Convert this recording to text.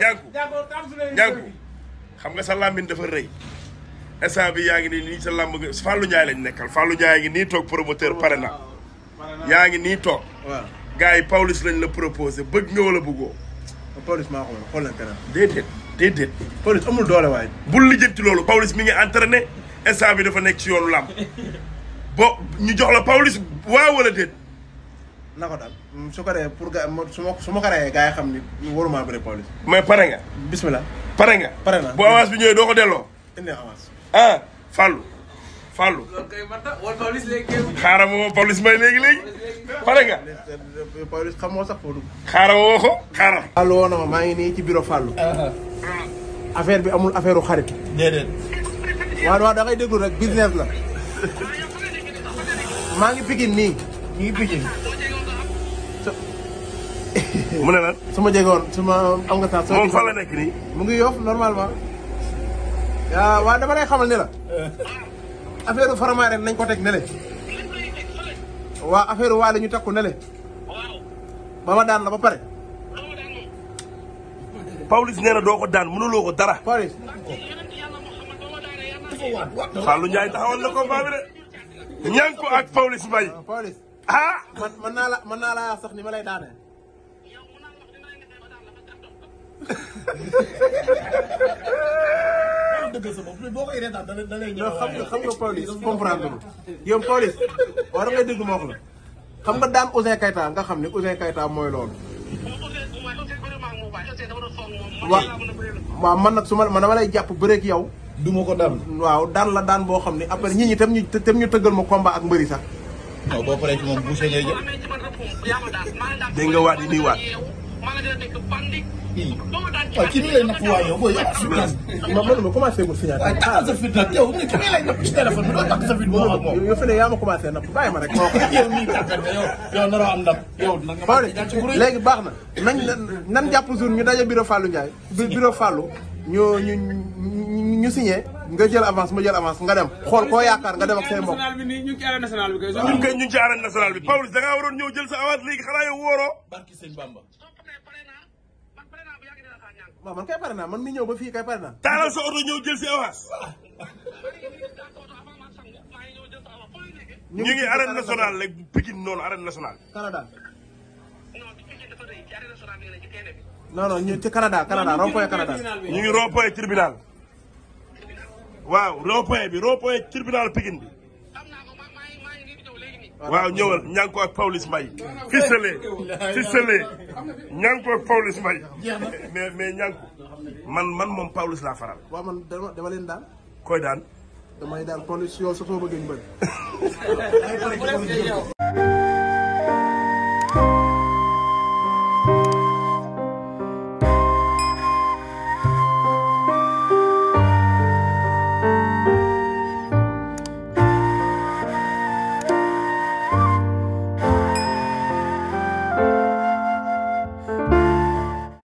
ñànku ñànku xam nga sa làmmiñ dafa rëy instant bi yaa ngi nii nii sa làmb nga Fallou Ndiaye lañ nekkal Fallou Ndiaye ngi nii toog promoteur oh, pare na yaa ngi nii toog. waaw gars yi Pawlish lañ la proposé bëgg nga wala bëggoo. Oh, Pawlish maa ko na xool nañ kanam. déedéet déedéet. Pawlish amul doole waaye. bul lijjanti loolu Pawlish mi ngi entraîné instant bi dafa nekk ci yoonu làmb bo ñu jox la Pawlish waa wala déet. na ko daal su ko defee pour ga su ma su ma ko yi xam ni waruma bëri police. mais pare nga. bismillah pare nga. pare naa bu avance bi ñëwee doo ko delloo. indi avance. ah Fallou. Fallou loolu kay police may léegi léegi. pare nga. police xamoo sax foo dugg. xaaral woo ko xaaral. Fallou woo maa ngi nii ci bureau Fallou. Ah, ah. affaire bi amul affaire u xarit. déedéet. waaw ngay déglu rek business la. maa ngi pikin nii. ñu pikin. mu ne lan. su ma jegoon su ma am nga sax. moom fan la nekk nii. mu ngi yoof normalement. waaw waaw dama lay xamal ne la. affaire faramaare nañ ko teg ne le. waa affaire waa ñu takku ne ba ma daan la ba pare. Pawlish nee na doo ko daan mënuloo ko dara. Pawlish. Fallou Ndiaye taxawal na combat bi de. ñaan ko ak Pawlish Mbaye. ah. man mën naa la mën naa laa sax ni ma lay daanee. dëgg boo koy reetaan da lay ñëw xam nga xam nga police comprendre xam nga daan Ouzin Keita nga xam ne Ouzin Keita mooy loolu. waaw waaw man nag su ma man dama lay jàpp bëreeg yow. du ma ko daan. waaw daan la daan boo xam ne après ñit ñi tam ñu ñu tëggal ma komba ak mbëri sax. waaw boo paree ci nga waat yi nii waat. waaw ci nii lay napp waaye yow booy yow assurance bi. ma man ma commencé gul signature. waaw taxal sa fit nag yow ci nii lay napp ci téléphone bi doo tax sa fit boo xam moom. yow fi ne yaa ma commencé napp bàyyi ma rek. yow mii tàggat yow yow naroo am ndam. yow nag nga léegi baax na nañ nan jàpp jour ñu daje bureau Fallou Ndiaye. bureau Fallou ñu ñu ñu signé. nga jël avance ma jël avance nga dem xool koo yaakaar nga dem ak say mbokk. ñu ngi ci arène nationale bi kay ñu ngi ci arène nationale bi Pawlish da ngaa waroon ñëw jël sa avance léegi xanaa yow wóoroo. barki sëñ Bamba waaw man kay pare naa man mi ñëw ba fii kay pare naa. taalal sa oto ñëw jël si avance. ñu ngi arène nationale rek Pikine noonu arène nationale. Canada. non ñu ci Canada Canada rond-point Canada. ñu ngi rond-point tribunal. waaw rond-point bi rond-point tribunal Pikine bi. waaw ñëwal ñànkoo ak Pawlish Mbaye ficelé ficelé ñànkoo ak Pawlish Mbaye mais mais ñànku man man moom Pawlish laa faral waaw man dama dama leen daan koy daan damay daan Pawlish yow sa soo bëggee ñu bëri